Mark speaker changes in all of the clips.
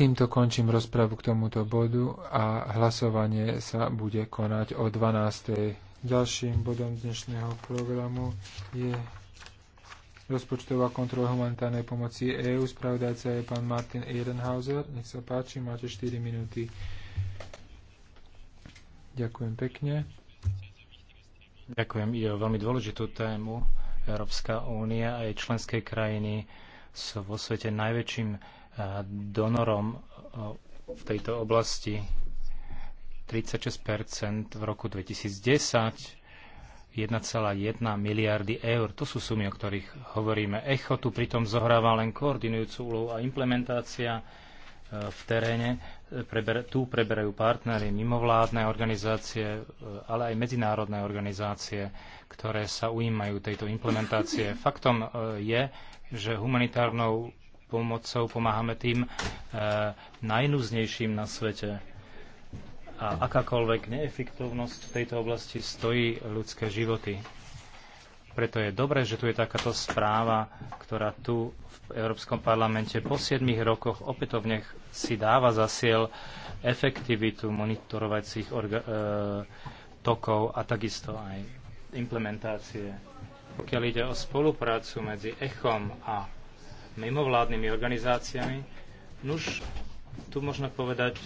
Speaker 1: Týmto končím rozpravu k tomuto bodu a hlasovanie sa bude konať o 12. Ďalším bodom dnešného programu je rozpočtová kontrola humanitárnej pomoci EÚ. Spravodajca je pán Martin Ehrenhauser. Nech sa páči, máte 4 minúty. Ďakujem pekne. Ďakujem. Je o veľmi dôležitú tému. Európska únia a jej členské krajiny sú vo svete najväčším donorom v tejto oblasti. 36 v roku 2010, 1,1 miliardy eur. To sú sumy, o ktorých hovoríme. ECHO tu pritom zohráva len koordinujúcu úlohu a implementácia e, v teréne. tu preberajú partnery, mimovládne organizácie, e, ale aj medzinárodné organizácie, ktoré sa ujímajú tejto implementácie. Faktom e, je, že humanitárnou pomocou pomáhame tým e, najnúznejším na svete. A akákoľvek neefektovnosť v tejto oblasti stojí ľudské životy. Preto je dobré, že tu je takáto správa, ktorá tu v Európskom parlamente po 7 rokoch opätovne si dáva za cieľ efektivitu monitorovacích orga- e, tokov a takisto aj implementácie. Pokiaľ ide o spoluprácu medzi ECHOM a mimovládnymi organizáciami. Nuž, tu možno povedať,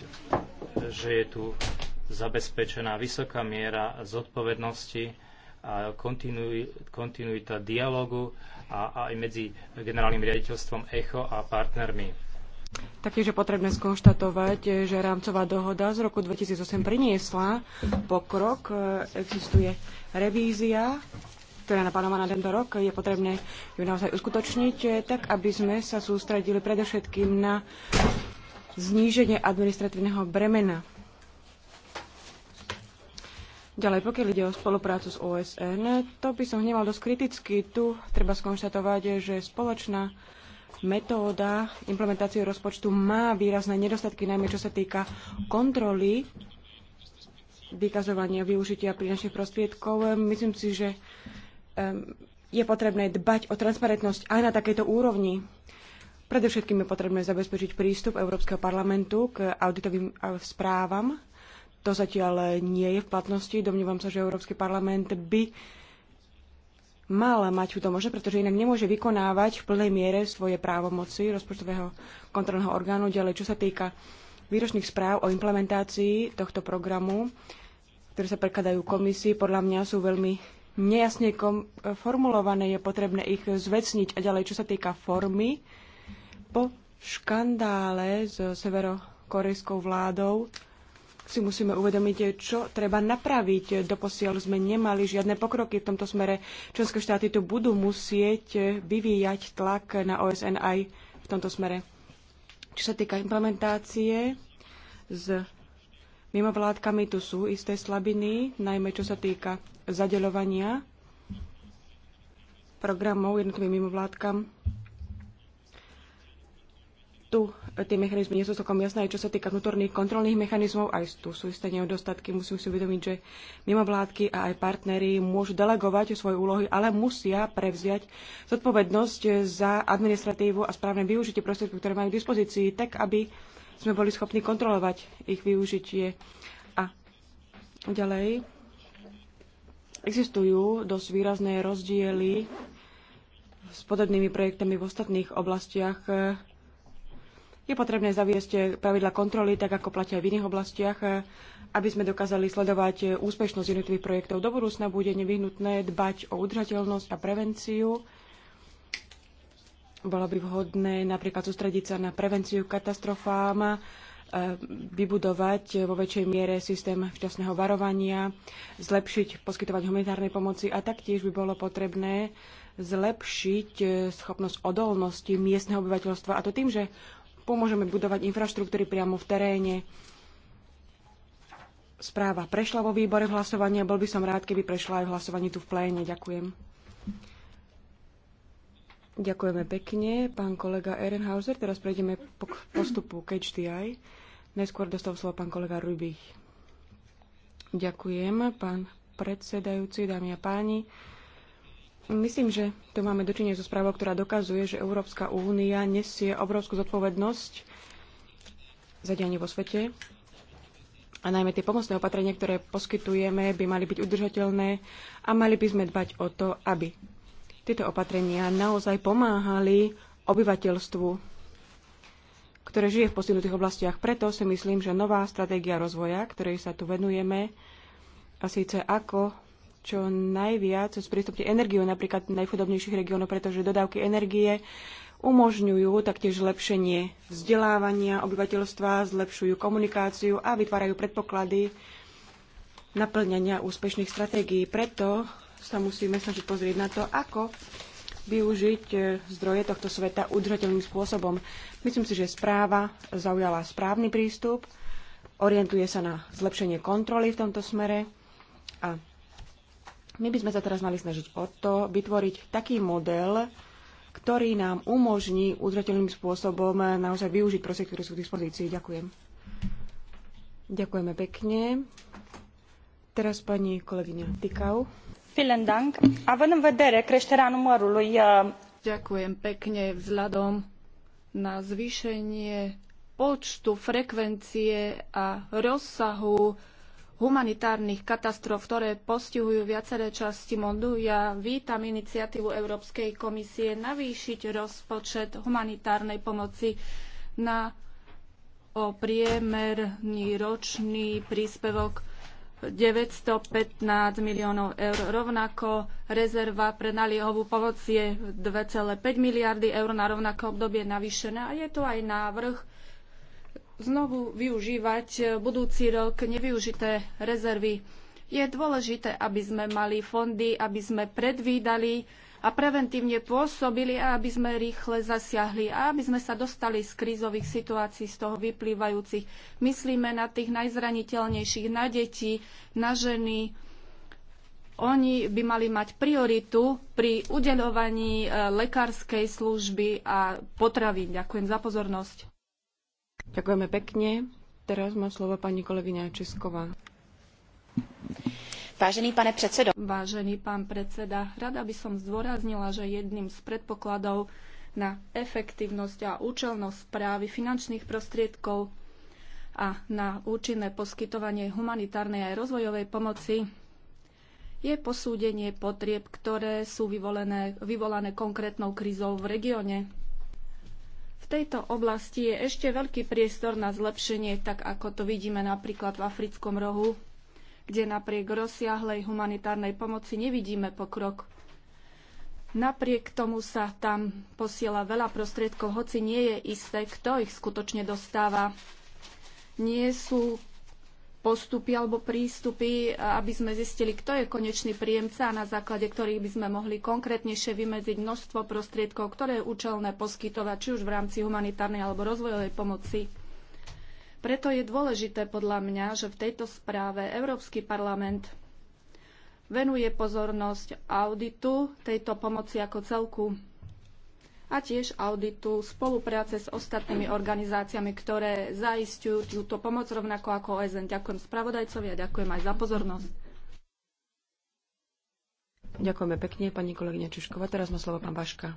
Speaker 1: že je tu zabezpečená vysoká miera zodpovednosti a kontinuita dialogu a, a aj medzi generálnym riaditeľstvom ECHO a partnermi.
Speaker 2: Taktiež je potrebné skonštatovať, že rámcová dohoda z roku 2008 priniesla pokrok. Existuje revízia ktorá je naplánovaná tento rok, je potrebné ju naozaj uskutočniť, eh, tak aby sme sa sústredili predovšetkým na zníženie administratívneho bremena. Ďalej, pokiaľ ide o spoluprácu s OSN, to by som vnímal dosť kriticky. Tu treba skonštatovať, eh, že spoločná metóda implementácie rozpočtu má výrazné nedostatky, najmä čo sa týka kontroly vykazovania využitia finančných prostriedkov. Myslím si, že Ehm, je potrebné dbať o transparentnosť aj na takejto úrovni. Predovšetkým je potrebné zabezpečiť prístup Európskeho parlamentu k auditovým eh, správam. To zatiaľ nie je v platnosti. Domnívam sa, že Európsky parlament by mal mať túto možnosť, pretože inak nemôže vykonávať v plnej miere svoje právomoci rozpočtového kontrolného orgánu. Ďalej, čo sa týka výročných správ o implementácii tohto programu, ktoré sa prekladajú komisii, podľa mňa sú veľmi nejasne kom- formulované, je potrebné ich zvecniť. A ďalej, čo sa týka formy, po škandále s severokorejskou vládou si musíme uvedomiť, čo treba napraviť. Doposiaľ sme nemali žiadne pokroky v tomto smere. Členské štáty tu budú musieť vyvíjať tlak na OSN aj v tomto smere. Čo sa týka implementácie, z Mimo vládkami Tu sú isté slabiny, najmä čo sa týka zadeľovania programov jednotlivým mimovládkam. Tu tie mechanizmy nie sú celkom jasné, čo sa týka vnútorných kontrolných mechanizmov, aj tu sú isté nedostatky. Musím si uvedomiť, že mimovládky a aj partnery môžu delegovať svoje úlohy, ale musia prevziať zodpovednosť za administratívu a správne využitie prostriedkov, ktoré majú k dispozícii, tak aby sme boli schopní kontrolovať ich využitie. A ďalej existujú dosť výrazné rozdiely s podobnými projektami v ostatných oblastiach. Je potrebné zaviesť pravidla kontroly, tak ako platia v iných oblastiach, aby sme dokázali sledovať úspešnosť jednotlivých projektov. Do budúcna bude nevyhnutné dbať o udržateľnosť a prevenciu bolo by vhodné napríklad sústrediť sa na prevenciu katastrofám, e, vybudovať vo väčšej miere systém včasného varovania, zlepšiť poskytovať humanitárnej pomoci a taktiež by bolo potrebné zlepšiť e, schopnosť odolnosti miestneho obyvateľstva a to tým, že pomôžeme budovať infraštruktúry priamo v teréne. Správa prešla vo výbore v hlasovaní a bol by som rád, keby prešla aj v hlasovaní tu v pléne. Ďakujem. Ďakujeme pekne, pán kolega Ehrenhauser. Teraz prejdeme po postupu k HDI. Najskôr dostal slovo pán kolega Rubich. Ďakujem, pán predsedajúci, dámy a páni. Myslím, že tu máme dočinenie so správou, ktorá dokazuje, že Európska únia nesie obrovskú zodpovednosť za dianie vo svete. A najmä tie pomocné opatrenia, ktoré poskytujeme, by mali byť udržateľné a mali by sme dbať o to, aby tieto opatrenia naozaj pomáhali obyvateľstvu, ktoré žije v postihnutých oblastiach. Preto si myslím, že nová stratégia rozvoja, ktorej sa tu venujeme, a síce ako čo najviac sprístupniť energiu napríklad najchudobnejších regiónov, pretože dodávky energie umožňujú taktiež zlepšenie vzdelávania obyvateľstva, zlepšujú komunikáciu a vytvárajú predpoklady naplňania úspešných stratégií. Preto sa musíme snažiť pozrieť na to, ako využiť e, zdroje tohto sveta udržateľným spôsobom. Myslím si, že správa zaujala správny prístup, orientuje sa na zlepšenie kontroly v tomto smere a my by sme sa teraz mali snažiť o to vytvoriť taký model, ktorý nám umožní udržateľným spôsobom naozaj využiť prostriedky, ktoré sú k dispozícii. Ďakujem. Ďakujeme pekne. Teraz
Speaker 3: pani kolegyňa Tykau având în vedere creterea numărului uh, Ďakujem pekne vzhľadom na zvýšenie počtu, frekvencie a rozsahu humanitárnych katastrof, ktoré postihujú viaceré časti mondu. Ja vítam iniciatívu Európskej komisie navýšiť rozpočet humanitárnej pomoci na o priemerný ročný príspevok 915 miliónov eur. Rovnako rezerva pre naliehovú pomoc je 2,5 miliardy eur na rovnaké obdobie navýšená a je to aj návrh znovu využívať budúci rok nevyužité rezervy. Je dôležité, aby sme mali fondy, aby sme predvídali a preventívne pôsobili, aby sme rýchle zasiahli a aby sme sa dostali z krízových situácií, z toho vyplývajúcich. Myslíme na tých najzraniteľnejších, na deti, na ženy. Oni by mali mať prioritu pri udeľovaní e, lekárskej služby a potravy. Ďakujem za pozornosť.
Speaker 2: Ďakujeme pekne.
Speaker 3: Teraz má slovo
Speaker 2: pani kolegyňa Česková.
Speaker 3: Vážený pane predsedo. Vážený pán predseda, rada by som zdôraznila, že jedným z predpokladov na efektívnosť a účelnosť správy finančných prostriedkov a na účinné poskytovanie humanitárnej aj rozvojovej pomoci je posúdenie potrieb, ktoré sú vyvolené, vyvolané konkrétnou krízou v regióne. V tejto oblasti je ešte veľký priestor na zlepšenie, tak ako to vidíme napríklad v africkom rohu, kde napriek rozsiahlej humanitárnej pomoci nevidíme pokrok. Napriek tomu sa tam posiela veľa prostriedkov, hoci nie je isté, kto ich skutočne dostáva. Nie sú postupy alebo prístupy, aby sme zistili, kto je konečný príjemca, a na základe ktorých by sme mohli konkrétnejšie vymedziť množstvo prostriedkov, ktoré je účelné poskytovať, či už v rámci humanitárnej alebo rozvojovej pomoci. Preto je dôležité podľa mňa, že v tejto správe Európsky parlament venuje pozornosť auditu tejto pomoci ako celku a tiež auditu spolupráce s ostatnými organizáciami, ktoré zaistujú túto pomoc rovnako ako OSN. Ďakujem spravodajcovi a ďakujem aj za pozornosť.
Speaker 2: Ďakujeme pekne, pani kolegyňa Čišková. Teraz má slovo pán Baška.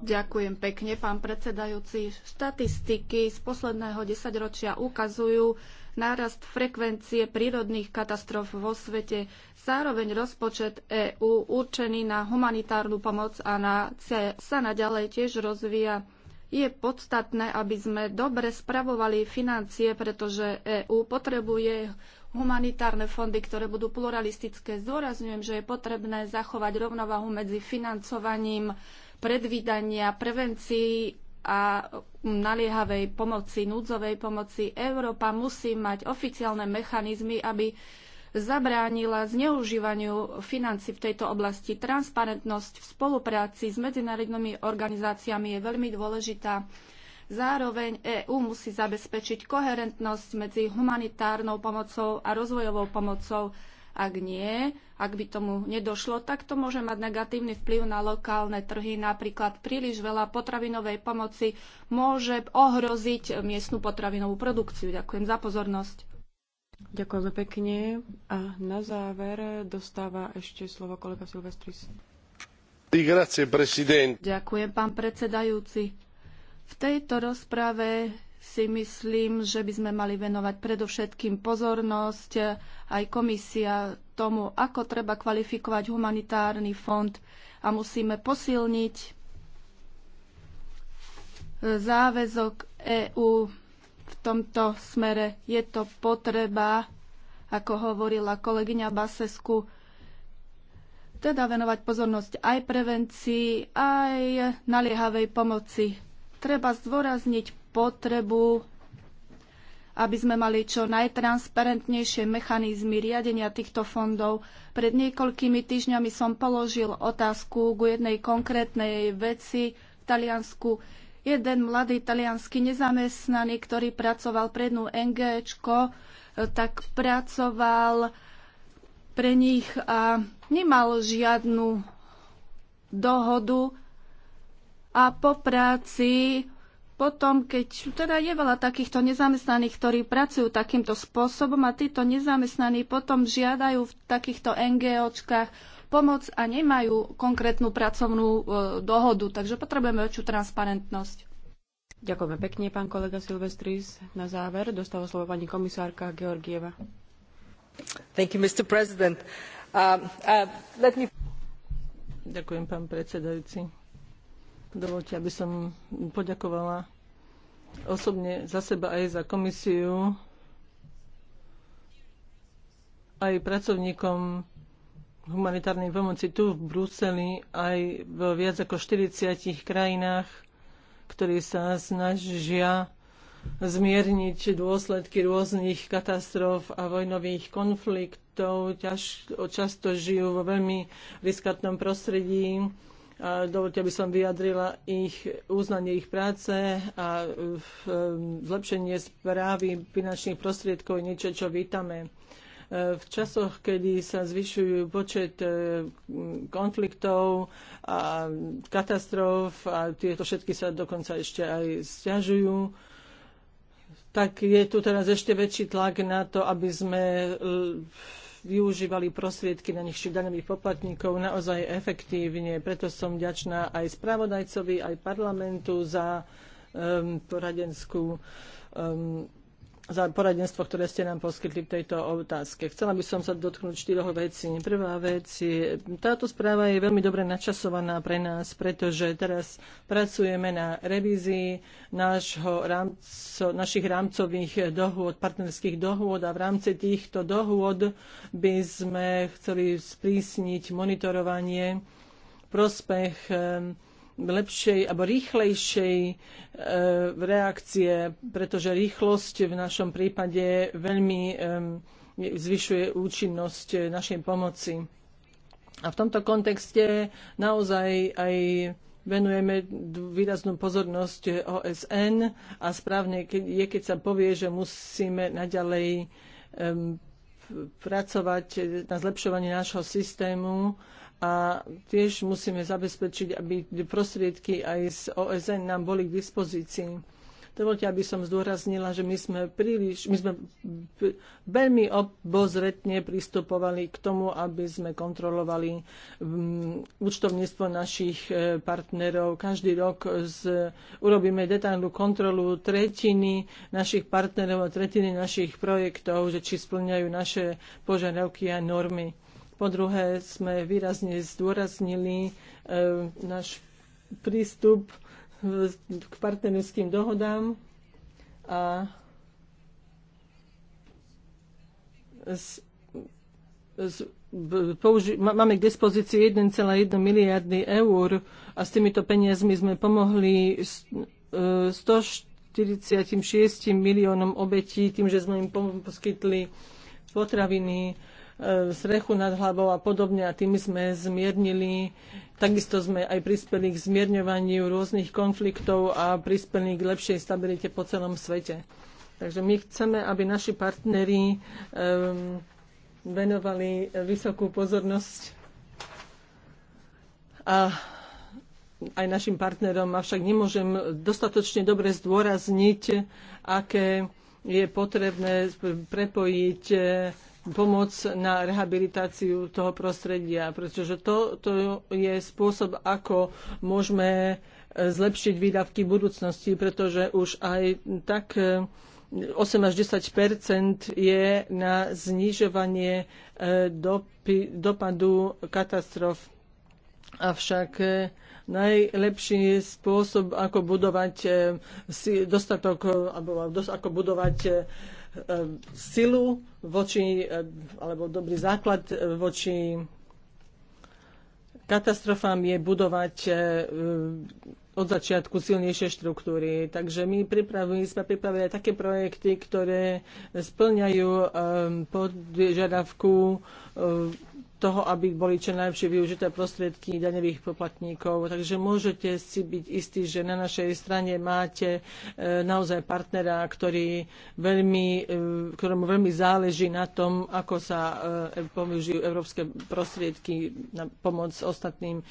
Speaker 3: Ďakujem pekne, pán predsedajúci. Štatistiky z posledného desaťročia ukazujú nárast frekvencie prírodných katastrof vo svete, zároveň rozpočet EÚ určený na humanitárnu pomoc a na C sa naďalej tiež rozvíja. Je podstatné, aby sme dobre spravovali financie, pretože EÚ potrebuje humanitárne fondy, ktoré budú pluralistické. Zdôrazňujem, že je potrebné zachovať rovnovahu medzi financovaním predvídania, prevencií a naliehavej pomoci, núdzovej pomoci. Európa musí mať oficiálne mechanizmy, aby zabránila zneužívaniu financí v tejto oblasti. Transparentnosť v spolupráci s medzinárodnými organizáciami je veľmi dôležitá. Zároveň EÚ musí zabezpečiť koherentnosť medzi humanitárnou pomocou a rozvojovou pomocou. Ak nie, ak by tomu nedošlo, tak to môže mať negatívny vplyv na lokálne trhy. Napríklad príliš veľa potravinovej pomoci môže ohroziť miestnu potravinovú produkciu. Ďakujem za pozornosť.
Speaker 2: Ďakujem pekne. A na záver dostáva ešte slovo kolega Silvestris.
Speaker 4: Grazie,
Speaker 3: Ďakujem, pán predsedajúci v tejto rozprave si myslím, že by sme mali venovať predovšetkým pozornosť eh, aj komisia tomu, ako treba kvalifikovať humanitárny fond a musíme posilniť eh, záväzok EÚ v tomto smere. Je to potreba, ako hovorila kolegyňa Basesku, teda venovať pozornosť aj prevencii, aj naliehavej pomoci treba zdôrazniť potrebu, aby sme mali čo najtransparentnejšie mechanizmy riadenia týchto fondov. Pred niekoľkými týždňami som položil otázku k jednej konkrétnej veci v Taliansku. Jeden mladý talianský nezamestnaný, ktorý pracoval pre jednu NGčko, tak pracoval pre nich a nemal žiadnu dohodu a po práci potom, keď teda je veľa takýchto nezamestnaných, ktorí pracujú takýmto spôsobom a títo nezamestnaní potom žiadajú v takýchto NGOčkách pomoc a nemajú konkrétnu pracovnú e, dohodu. Takže potrebujeme väčšiu transparentnosť.
Speaker 2: Ďakujeme pekne, pán kolega Silvestris. Na záver dostáva slovo pani komisárka Georgieva.
Speaker 5: Thank you, Mr. President. Uh, uh, let me... Ďakujem, pán predsedajúci Dovolte, aby som poďakovala osobne za seba aj za komisiu, aj pracovníkom humanitárnej pomoci tu v Bruseli, aj v viac ako 40 krajinách, ktorí sa snažia zmierniť dôsledky rôznych katastrof a vojnových konfliktov. Ťaž, často žijú vo veľmi riskantnom prostredí Dovolte, aby som vyjadrila ich uznanie ich práce a um, zlepšenie správy finančných prostriedkov je niečo, čo vítame. E, v časoch, kedy sa zvyšujú počet e, konfliktov a katastrof a tieto všetky sa dokonca ešte aj stiažujú, tak je tu teraz ešte väčší tlak na to, aby sme využívali prostriedky na nich daňových poplatníkov naozaj efektívne. Preto som ďačná aj spravodajcovi, aj parlamentu za um, poradenskú um, za poradenstvo, ktoré ste nám poskytli v tejto otázke. Chcela by som sa dotknúť štyroch vecí. Prvá vec je, táto správa je veľmi dobre načasovaná pre nás, pretože teraz pracujeme na revízii nášho rámco, našich rámcových dohôd, partnerských dohôd a v rámci týchto dohôd by sme chceli sprísniť monitorovanie prospech eh, lepšej alebo rýchlejšej e, reakcie, pretože rýchlosť v našom prípade veľmi e, zvyšuje účinnosť našej pomoci. A v tomto kontexte naozaj aj venujeme výraznú pozornosť OSN a správne je, keď sa povie, že musíme naďalej e, pracovať na zlepšovaní nášho systému a tiež musíme zabezpečiť, aby prostriedky aj z OSN nám boli k dispozícii. Dovolte, aby som zdôraznila, že my sme, príliš, my sme veľmi obozretne pristupovali k tomu, aby sme kontrolovali mm, účtovníctvo našich e, partnerov. Každý rok z, urobíme detailnú kontrolu tretiny našich partnerov a tretiny našich projektov, že či splňajú naše požiadavky a normy po druhé sme výrazne zdôraznili e, náš prístup e, k partnerským dohodám a použi- máme k dispozícii 1,1 miliardy eur a s týmito peniazmi sme pomohli 146 e, miliónom obetí tým, že sme im poskytli potraviny strechu nad hlavou a podobne a tým sme zmiernili, takisto sme aj prispeli k zmierňovaniu rôznych konfliktov a prispeli k lepšej stabilite po celom svete. Takže my chceme, aby naši partneri um, venovali vysokú pozornosť a aj našim partnerom, avšak nemôžem dostatočne dobre zdôrazniť, aké je potrebné prepojiť pomoc na rehabilitáciu toho prostredia, pretože to, to je spôsob, ako môžeme e, zlepšiť výdavky v budúcnosti, pretože už aj tak 8 e, až 10 je na znižovanie e, dopadu katastrof. Avšak najlepší spôsob, ako budovať dostatok, alebo ako budovať Um, silu voči, um, alebo dobrý základ uh, voči katastrofám je budovať uh, um, od začiatku silnejšie štruktúry. Takže my pripravili, sme pripravili aj také projekty, ktoré splňajú požiadavku toho, aby boli čo najlepšie využité prostriedky daňových poplatníkov. Takže môžete si byť istí, že na našej strane máte e, naozaj partnera, ktorý veľmi, e, ktorému veľmi záleží na tom, ako sa e, použijú európske prostriedky na pomoc ostatným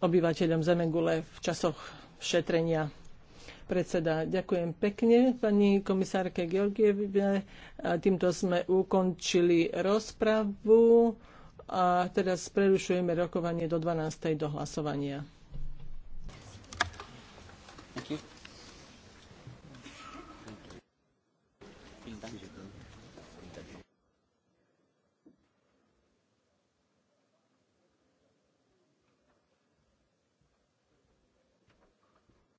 Speaker 5: obyvateľom Zemegule v časoch šetrenia. Predseda, ďakujem pekne pani komisárke Georgieve. A týmto sme ukončili rozpravu a teraz prerušujeme rokovanie do 12. do hlasovania.
Speaker 1: Thank you.